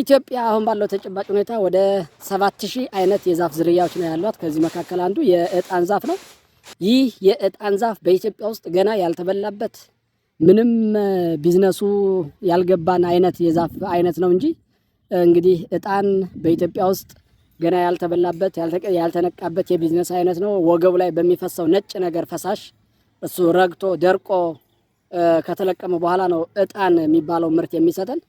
ኢትዮጵያ አሁን ባለው ተጨባጭ ሁኔታ ወደ 7000 አይነት የዛፍ ዝርያዎች ነው ያሏት። ከዚህ መካከል አንዱ የእጣን ዛፍ ነው። ይህ የእጣን ዛፍ በኢትዮጵያ ውስጥ ገና ያልተበላበት ምንም ቢዝነሱ ያልገባን አይነት የዛፍ አይነት ነው እንጂ እንግዲህ እጣን በኢትዮጵያ ውስጥ ገና ያልተበላበት ያልተነቃበት የቢዝነስ አይነት ነው። ወገቡ ላይ በሚፈሰው ነጭ ነገር ፈሳሽ እሱ ረግቶ ደርቆ ከተለቀመ በኋላ ነው እጣን የሚባለው ምርት የሚሰጠን።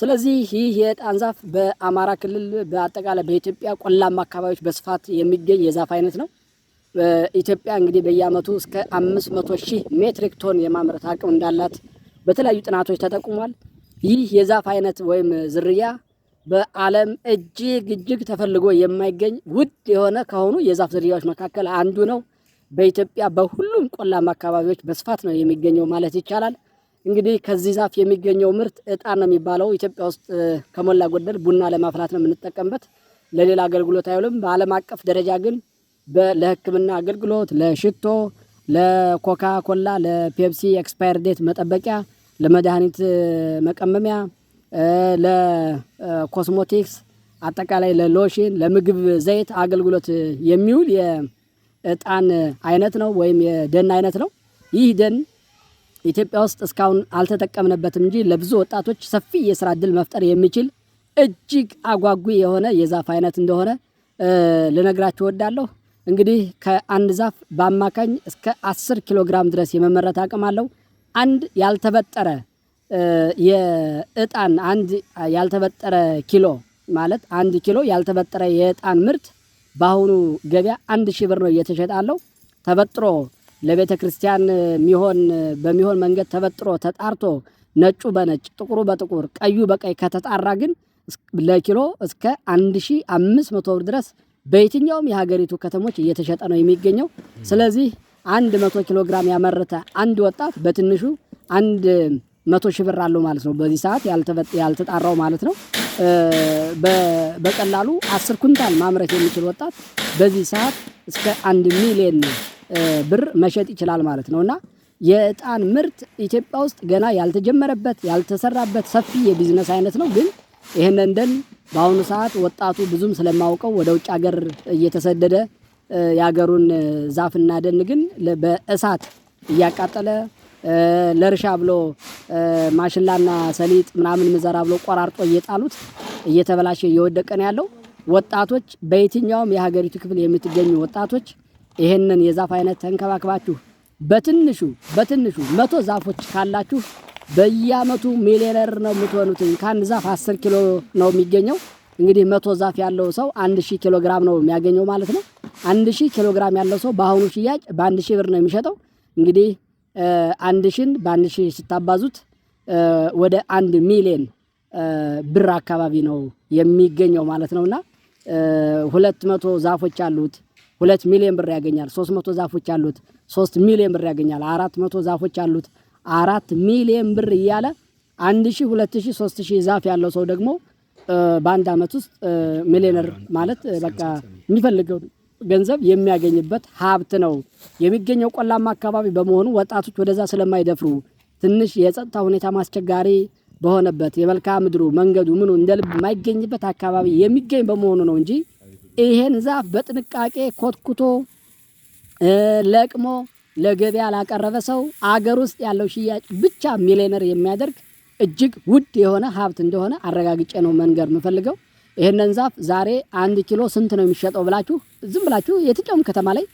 ስለዚህ ይህ የዕጣን ዛፍ በአማራ ክልል በአጠቃላይ በኢትዮጵያ ቆላማ አካባቢዎች በስፋት የሚገኝ የዛፍ አይነት ነው። ኢትዮጵያ እንግዲህ በየዓመቱ እስከ አምስት መቶ ሺህ ሜትሪክ ቶን የማምረት አቅም እንዳላት በተለያዩ ጥናቶች ተጠቁሟል። ይህ የዛፍ አይነት ወይም ዝርያ በዓለም እጅግ እጅግ ተፈልጎ የማይገኝ ውድ የሆነ ከሆኑ የዛፍ ዝርያዎች መካከል አንዱ ነው። በኢትዮጵያ በሁሉም ቆላማ አካባቢዎች በስፋት ነው የሚገኘው ማለት ይቻላል። እንግዲህ ከዚህ ዛፍ የሚገኘው ምርት እጣን ነው የሚባለው። ኢትዮጵያ ውስጥ ከሞላ ጎደል ቡና ለማፍላት ነው የምንጠቀምበት። ለሌላ አገልግሎት አይውልም። በዓለም አቀፍ ደረጃ ግን ለሕክምና አገልግሎት፣ ለሽቶ፣ ለኮካ ኮላ፣ ለፔፕሲ ኤክስፓየር ዴት መጠበቂያ፣ ለመድኃኒት መቀመሚያ፣ ለኮስሞቲክስ፣ አጠቃላይ ለሎሽን፣ ለምግብ ዘይት አገልግሎት የሚውል የእጣን አይነት ነው ወይም የደን አይነት ነው ይህ ደን ኢትዮጵያ ውስጥ እስካሁን አልተጠቀምንበትም እንጂ ለብዙ ወጣቶች ሰፊ የስራ እድል መፍጠር የሚችል እጅግ አጓጊ የሆነ የዛፍ አይነት እንደሆነ ልነግራችሁ እወዳለሁ። እንግዲህ ከአንድ ዛፍ በአማካኝ እስከ 10 ኪሎ ግራም ድረስ የመመረት አቅም አለው። አንድ ያልተበጠረ የእጣን አንድ ያልተበጠረ ኪሎ ማለት አንድ ኪሎ ያልተበጠረ የእጣን ምርት በአሁኑ ገበያ አንድ ሺህ ብር ነው እየተሸጣለው ተበጥሮ ለቤተ ክርስቲያን የሚሆን በሚሆን መንገድ ተበጥሮ ተጣርቶ ነጩ በነጭ ጥቁሩ በጥቁር ቀዩ በቀይ ከተጣራ ግን ለኪሎ እስከ 1500 ብር ድረስ በየትኛውም የሀገሪቱ ከተሞች እየተሸጠ ነው የሚገኘው። ስለዚህ 100 ኪሎ ግራም ያመረተ አንድ ወጣት በትንሹ 100 ሺህ ብር አለው ማለት ነው። በዚህ ሰዓት ያልተጣራው ማለት ነው። በቀላሉ 10 ኩንታል ማምረት የሚችል ወጣት በዚህ ሰዓት እስከ 1 ሚሊዮን ነው ብር መሸጥ ይችላል ማለት ነው። እና የእጣን ምርት ኢትዮጵያ ውስጥ ገና ያልተጀመረበት ያልተሰራበት ሰፊ የቢዝነስ አይነት ነው። ግን ይህንን ደን በአሁኑ ሰዓት ወጣቱ ብዙም ስለማውቀው ወደ ውጭ ሀገር እየተሰደደ የሀገሩን ዛፍና ደን ግን በእሳት እያቃጠለ ለእርሻ ብሎ ማሽላና ሰሊጥ ምናምን ምዘራ ብሎ ቆራርጦ እየጣሉት እየተበላሸ እየወደቀ ነው ያለው። ወጣቶች በየትኛውም የሀገሪቱ ክፍል የምትገኙ ወጣቶች ይሄንን የዛፍ አይነት ተንከባክባችሁ በትንሹ በትንሹ መቶ ዛፎች ካላችሁ በየአመቱ ሚሊዮነር ነው የምትሆኑት። ከአንድ ዛፍ አስር ኪሎ ነው የሚገኘው። እንግዲህ መቶ ዛፍ ያለው ሰው አንድ ሺህ ኪሎ ግራም ነው የሚያገኘው ማለት ነው። አንድ ሺህ ኪሎ ግራም ያለው ሰው በአሁኑ ሽያጭ በአንድ ሺህ ብር ነው የሚሸጠው። እንግዲህ አንድ ሺን በአንድ ሺህ ስታባዙት ወደ አንድ ሚሊዮን ብር አካባቢ ነው የሚገኘው ማለት ነውና ሁለት መቶ ዛፎች አሉት። ሁለት ሚሊዮን ብር ያገኛል። ሶስት መቶ ዛፎች አሉት ሶስት ሚሊዮን ብር ያገኛል። አራት መቶ ዛፎች አሉት አራት ሚሊዮን ብር እያለ አንድ ሺህ ሁለት ሺህ ሶስት ሺህ ዛፍ ያለው ሰው ደግሞ በአንድ አመት ውስጥ ሚሊዮነር ማለት በቃ የሚፈልገው ገንዘብ የሚያገኝበት ሀብት ነው። የሚገኘው ቆላማ አካባቢ በመሆኑ ወጣቶች ወደዛ ስለማይደፍሩ ትንሽ የጸጥታ ሁኔታ ማስቸጋሪ በሆነበት የመልክዓ ምድሩ መንገዱ ምኑ እንደ ልብ የማይገኝበት አካባቢ የሚገኝ በመሆኑ ነው እንጂ ይሄን ዛፍ በጥንቃቄ ኮትኩቶ ለቅሞ ለገበያ ላቀረበ ሰው አገር ውስጥ ያለው ሽያጭ ብቻ ሚሊዮነር የሚያደርግ እጅግ ውድ የሆነ ሀብት እንደሆነ አረጋግጬ ነው መንገር የምፈልገው። ይህንን ዛፍ ዛሬ አንድ ኪሎ ስንት ነው የሚሸጠው ብላችሁ ዝም ብላችሁ የትኛውም ከተማ ላይ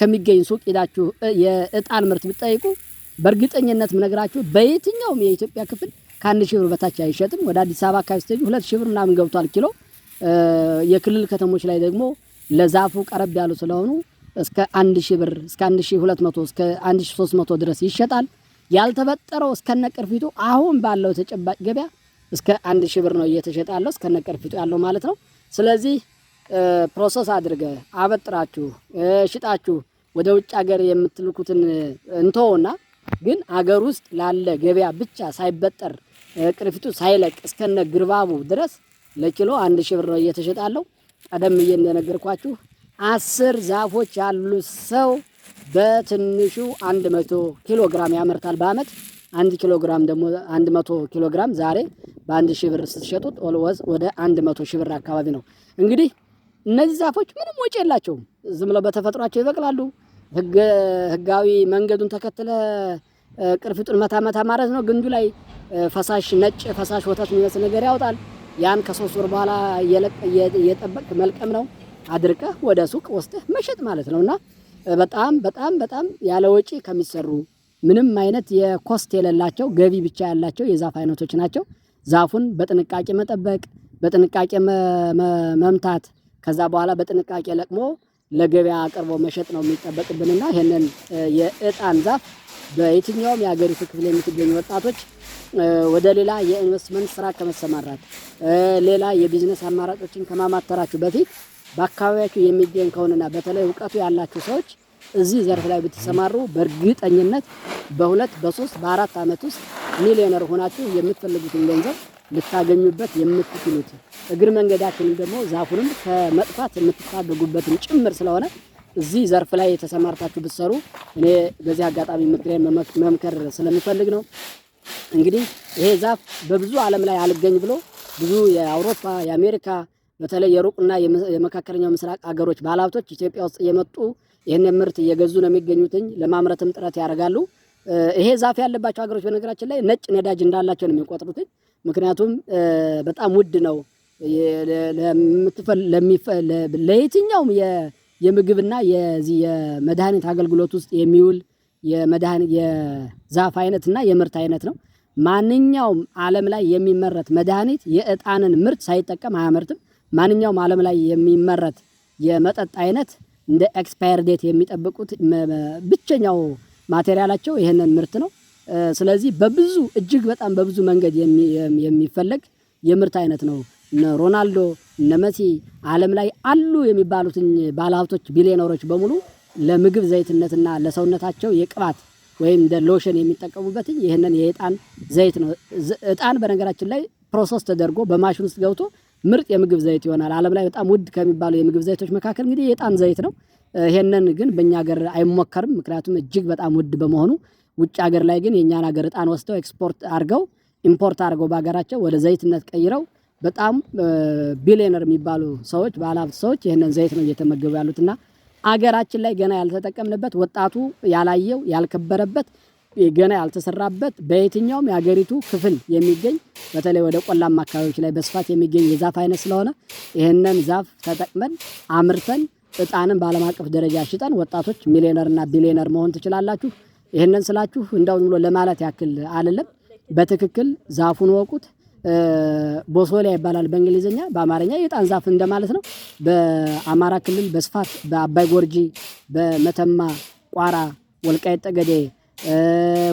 ከሚገኝ ሱቅ ሄዳችሁ የእጣን ምርት ብትጠይቁ በእርግጠኝነት ምነግራችሁ በየትኛውም የኢትዮጵያ ክፍል ከአንድ ሺህ ብር በታች አይሸጥም። ወደ አዲስ አበባ አካባቢ ስትሄዱ ሁለት ሺህ ብር ምናምን ገብቷል ኪሎ የክልል ከተሞች ላይ ደግሞ ለዛፉ ቀረብ ያሉ ስለሆኑ እስከ 1000 ብር እስከ 1200 እስከ 1300 ድረስ ይሸጣል። ያልተበጠረው ቅርፊቱ አሁን ባለው ተጨባጭ ገበያ እስከ 1000 ብር ነው እየተሸጠ ያለው እስከነቅርፊቱ ያለው ማለት ነው። ስለዚህ ፕሮሰስ አድርገ አበጥራችሁ ሽጣችሁ ወደ ውጭ ሀገር የምትልኩትን እንተውና ግን አገር ውስጥ ላለ ገበያ ብቻ ሳይበጠር ቅርፊቱ ሳይለቅ እስከነ ግርባቡ ድረስ ለኪሎ አንድ ሺህ ብር ነው እየተሸጣለሁ። ቀደም ብዬ እንደነገርኳችሁ አስር ዛፎች ያሉት ሰው በትንሹ አንድ መቶ ኪሎ ግራም ያመርታል በአመት። አንድ ኪሎ ግራም ደግሞ አንድ መቶ ኪሎ ግራም ዛሬ በአንድ ሺህ ብር ስትሸጡት ኦልወዝ ወደ አንድ መቶ ሺህ ብር አካባቢ ነው። እንግዲህ እነዚህ ዛፎች ምንም ወጪ የላቸውም። ዝም ብለው በተፈጥሯቸው ይበቅላሉ። ህጋዊ መንገዱን ተከትለ ቅርፊቱን መታ መታ ማለት ነው። ግንዱ ላይ ፈሳሽ ነጭ ፈሳሽ ወተት የሚመስል ነገር ያወጣል። ያን ከሶስት ወር በኋላ የጠበቅ መልቀም ነው። አድርቀህ ወደ ሱቅ ወስደህ መሸጥ ማለት ነው። እና በጣም በጣም በጣም ያለ ወጪ ከሚሰሩ ምንም አይነት የኮስት የሌላቸው ገቢ ብቻ ያላቸው የዛፍ አይነቶች ናቸው። ዛፉን በጥንቃቄ መጠበቅ፣ በጥንቃቄ መምታት፣ ከዛ በኋላ በጥንቃቄ ለቅሞ ለገበያ አቅርቦ መሸጥ ነው የሚጠበቅብንና ይህንን የእጣን ዛፍ በየትኛውም የሀገሪቱ ክፍል የምትገኙ ወጣቶች ወደ ሌላ የኢንቨስትመንት ስራ ከመሰማራት ሌላ የቢዝነስ አማራጮችን ከማማተራችሁ በፊት በአካባቢያችሁ የሚገኝ ከሆነና በተለይ እውቀቱ ያላችሁ ሰዎች እዚህ ዘርፍ ላይ ብትሰማሩ በእርግጠኝነት በሁለት በሶስት በአራት ዓመት ውስጥ ሚሊዮነር ሆናችሁ የምትፈልጉትን ገንዘብ ልታገኙበት የምትችሉት እግር መንገዳችንም ደግሞ ዛፉንም ከመጥፋት የምትታደጉበትን ጭምር ስለሆነ እዚህ ዘርፍ ላይ የተሰማርታችሁ ብትሰሩ እኔ በዚህ አጋጣሚ ምክሬን መምከር ስለምፈልግ ነው። እንግዲህ ይሄ ዛፍ በብዙ ዓለም ላይ አልገኝ ብሎ ብዙ የአውሮፓ የአሜሪካ በተለይ የሩቅና የመካከለኛው ምስራቅ አገሮች ባለሀብቶች ኢትዮጵያ ውስጥ እየመጡ ይህን ምርት እየገዙ ነው የሚገኙትኝ። ለማምረትም ጥረት ያደርጋሉ። ይሄ ዛፍ ያለባቸው ሀገሮች በነገራችን ላይ ነጭ ነዳጅ እንዳላቸው ነው የሚቆጥሩትኝ። ምክንያቱም በጣም ውድ ነው ለየትኛውም የምግብና የዚህ የመድኃኒት አገልግሎት ውስጥ የሚውል የዛፍ አይነትና የምርት አይነት ነው። ማንኛውም አለም ላይ የሚመረት መድኃኒት የእጣንን ምርት ሳይጠቀም አያመርትም። ማንኛውም አለም ላይ የሚመረት የመጠጥ አይነት እንደ ኤክስፓየር ዴት የሚጠብቁት ብቸኛው ማቴሪያላቸው ይህንን ምርት ነው። ስለዚህ በብዙ እጅግ በጣም በብዙ መንገድ የሚፈለግ የምርት አይነት ነው እነ ሮናልዶ እነ መሲ ዓለም ላይ አሉ የሚባሉትን ባለሀብቶች ቢሊዮነሮች በሙሉ ለምግብ ዘይትነትና ለሰውነታቸው የቅባት ወይም እንደ ሎሽን የሚጠቀሙበት ይህንን የእጣን ዘይት ነው። እጣን በነገራችን ላይ ፕሮሰስ ተደርጎ በማሽን ውስጥ ገብቶ ምርጥ የምግብ ዘይት ይሆናል። ዓለም ላይ በጣም ውድ ከሚባሉ የምግብ ዘይቶች መካከል እንግዲህ የእጣን ዘይት ነው። ይሄንን ግን በእኛ ሀገር አይሞከርም፣ ምክንያቱም እጅግ በጣም ውድ በመሆኑ። ውጭ ሀገር ላይ ግን የእኛን ሀገር እጣን ወስደው ኤክስፖርት አድርገው ኢምፖርት አድርገው በሀገራቸው ወደ ዘይትነት ቀይረው በጣም ቢሊዮነር የሚባሉ ሰዎች ባለሀብት ሰዎች ይህንን ዘይት ነው እየተመገቡ ያሉትና አገራችን ላይ ገና ያልተጠቀምንበት ወጣቱ ያላየው ያልከበረበት ገና ያልተሰራበት በየትኛውም የሀገሪቱ ክፍል የሚገኝ በተለይ ወደ ቆላማ አካባቢዎች ላይ በስፋት የሚገኝ የዛፍ አይነት ስለሆነ ይህንን ዛፍ ተጠቅመን አምርተን እጣንን በዓለም አቀፍ ደረጃ ሽጠን ወጣቶች ሚሊዮነርና ቢሊዮነር መሆን ትችላላችሁ። ይህንን ስላችሁ እንደው ዝም ብሎ ለማለት ያክል አይደለም። በትክክል ዛፉን ወቁት። ቦሶሊያ ይባላል በእንግሊዝኛ በአማርኛ የጣን ዛፍ እንደማለት ነው። በአማራ ክልል በስፋት በአባይ ጎርጂ፣ በመተማ፣ ቋራ፣ ወልቃይት ጠገዴ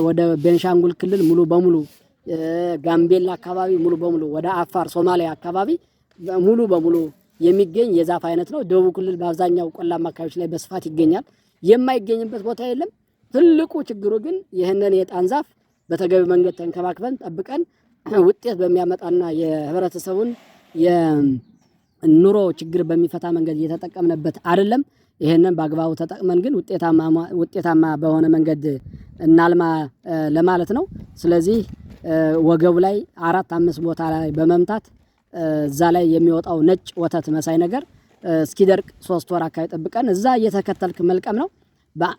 ወደ ቤንሻንጉል ክልል ሙሉ በሙሉ ጋምቤላ አካባቢ ሙሉ በሙሉ ወደ አፋር ሶማሊያ አካባቢ ሙሉ በሙሉ የሚገኝ የዛፍ አይነት ነው። ደቡብ ክልል በአብዛኛው ቆላማ አካባቢዎች ላይ በስፋት ይገኛል። የማይገኝበት ቦታ የለም። ትልቁ ችግሩ ግን ይህንን የጣን ዛፍ በተገቢ መንገድ ተንከባክበን ጠብቀን ውጤት በሚያመጣና የህብረተሰቡን የኑሮ ችግር በሚፈታ መንገድ እየተጠቀምንበት አይደለም። ይህንን በአግባቡ ተጠቅመን ግን ውጤታማ በሆነ መንገድ እናልማ ለማለት ነው። ስለዚህ ወገቡ ላይ አራት አምስት ቦታ ላይ በመምታት እዛ ላይ የሚወጣው ነጭ ወተት መሳይ ነገር እስኪደርቅ ሶስት ወር አካባቢ ጠብቀን እዛ እየተከተልክ መልቀም ነው።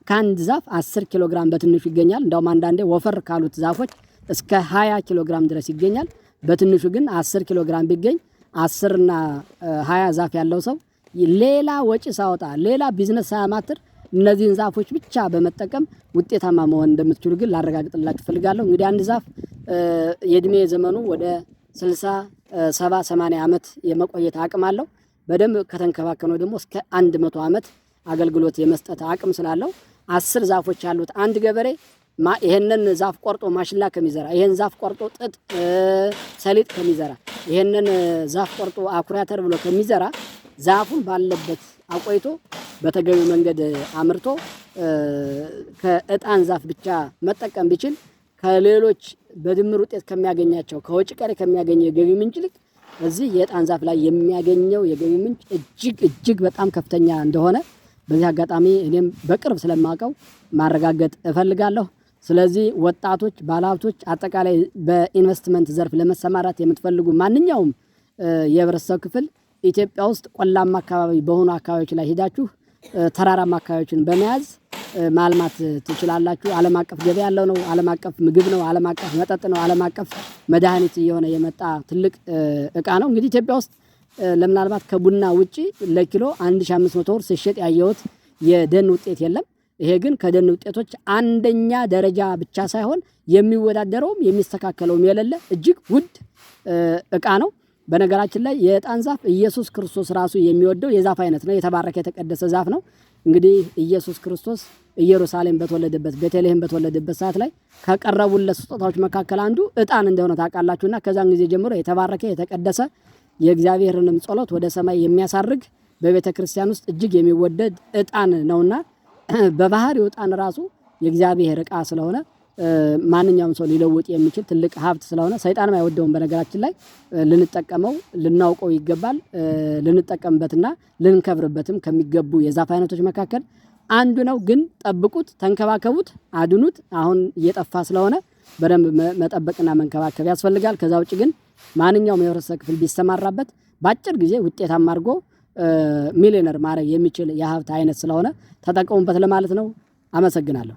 ከአንድ ዛፍ አስር ኪሎ ግራም በትንሹ ይገኛል። እንዳውም አንዳንዴ ወፈር ካሉት ዛፎች እስከ 20 ኪሎ ግራም ድረስ ይገኛል። በትንሹ ግን 10 ኪሎ ግራም ቢገኝ 10 እና 20 ዛፍ ያለው ሰው ሌላ ወጪ ሳወጣ ሌላ ቢዝነስ ሳያማትር እነዚህን ዛፎች ብቻ በመጠቀም ውጤታማ መሆን እንደምትችሉ ግን ላረጋግጥላችሁ ፈልጋለሁ። እንግዲህ አንድ ዛፍ የእድሜ ዘመኑ ወደ 60፣ 70፣ 80 ዓመት የመቆየት አቅም አለው። በደንብ ከተንከባከነው ደግሞ እስከ 100 ዓመት አገልግሎት የመስጠት አቅም ስላለው አስር ዛፎች ያሉት አንድ ገበሬ ይሄንን ዛፍ ቆርጦ ማሽላ ከሚዘራ ይሄን ዛፍ ቆርጦ ጥጥ፣ ሰሊጥ ከሚዘራ ይሄንን ዛፍ ቆርጦ አኩሪ አተር ብሎ ከሚዘራ ዛፉን ባለበት አቆይቶ በተገቢ መንገድ አምርቶ ከእጣን ዛፍ ብቻ መጠቀም ቢችል ከሌሎች በድምር ውጤት ከሚያገኛቸው ከወጪ ቀሪ ከሚያገኘው የገቢ ምንጭ ይልቅ እዚህ የእጣን ዛፍ ላይ የሚያገኘው የገቢ ምንጭ እጅግ እጅግ በጣም ከፍተኛ እንደሆነ በዚህ አጋጣሚ እኔም በቅርብ ስለማውቀው ማረጋገጥ እፈልጋለሁ። ስለዚህ ወጣቶች፣ ባለሀብቶች አጠቃላይ በኢንቨስትመንት ዘርፍ ለመሰማራት የምትፈልጉ ማንኛውም የህብረተሰብ ክፍል ኢትዮጵያ ውስጥ ቆላማ አካባቢ በሆኑ አካባቢዎች ላይ ሄዳችሁ ተራራማ አካባቢዎችን በመያዝ ማልማት ትችላላችሁ። ዓለም አቀፍ ገበያ ያለው ነው። ዓለም አቀፍ ምግብ ነው። ዓለም አቀፍ መጠጥ ነው። ዓለም አቀፍ መድኃኒት እየሆነ የመጣ ትልቅ እቃ ነው። እንግዲህ ኢትዮጵያ ውስጥ ለምናልባት ከቡና ውጪ ለኪሎ 1500 ብር ሲሸጥ ያየሁት የደን ውጤት የለም። ይሄ ግን ከደን ውጤቶች አንደኛ ደረጃ ብቻ ሳይሆን የሚወዳደረውም የሚስተካከለውም የሌለ እጅግ ውድ እቃ ነው። በነገራችን ላይ የዕጣን ዛፍ ኢየሱስ ክርስቶስ ራሱ የሚወደው የዛፍ አይነት ነው። የተባረከ የተቀደሰ ዛፍ ነው። እንግዲህ ኢየሱስ ክርስቶስ ኢየሩሳሌም በተወለደበት ቤተልሔም በተወለደበት ሰዓት ላይ ከቀረቡለት ስጦታዎች መካከል አንዱ ዕጣን እንደሆነ ታውቃላችሁና ከዛን ጊዜ ጀምሮ የተባረከ የተቀደሰ የእግዚአብሔርንም ጸሎት ወደ ሰማይ የሚያሳርግ በቤተ ክርስቲያን ውስጥ እጅግ የሚወደድ ዕጣን ነውና በባህር ዕጣን ራሱ የእግዚአብሔር እቃ ስለሆነ ማንኛውም ሰው ሊለውጥ የሚችል ትልቅ ሀብት ስለሆነ ሰይጣንም አይወደውም። በነገራችን ላይ ልንጠቀመው ልናውቀው ይገባል። ልንጠቀምበትና ልንከብርበትም ከሚገቡ የዛፍ አይነቶች መካከል አንዱ ነው። ግን ጠብቁት፣ ተንከባከቡት፣ አድኑት። አሁን እየጠፋ ስለሆነ በደንብ መጠበቅና መንከባከብ ያስፈልጋል። ከዛ ውጭ ግን ማንኛውም የህብረተሰብ ክፍል ቢሰማራበት በአጭር ጊዜ ውጤታማ አድርጎ ሚሊዮነር ማድረግ የሚችል የሀብት አይነት ስለሆነ ተጠቀሙበት ለማለት ነው። አመሰግናለሁ።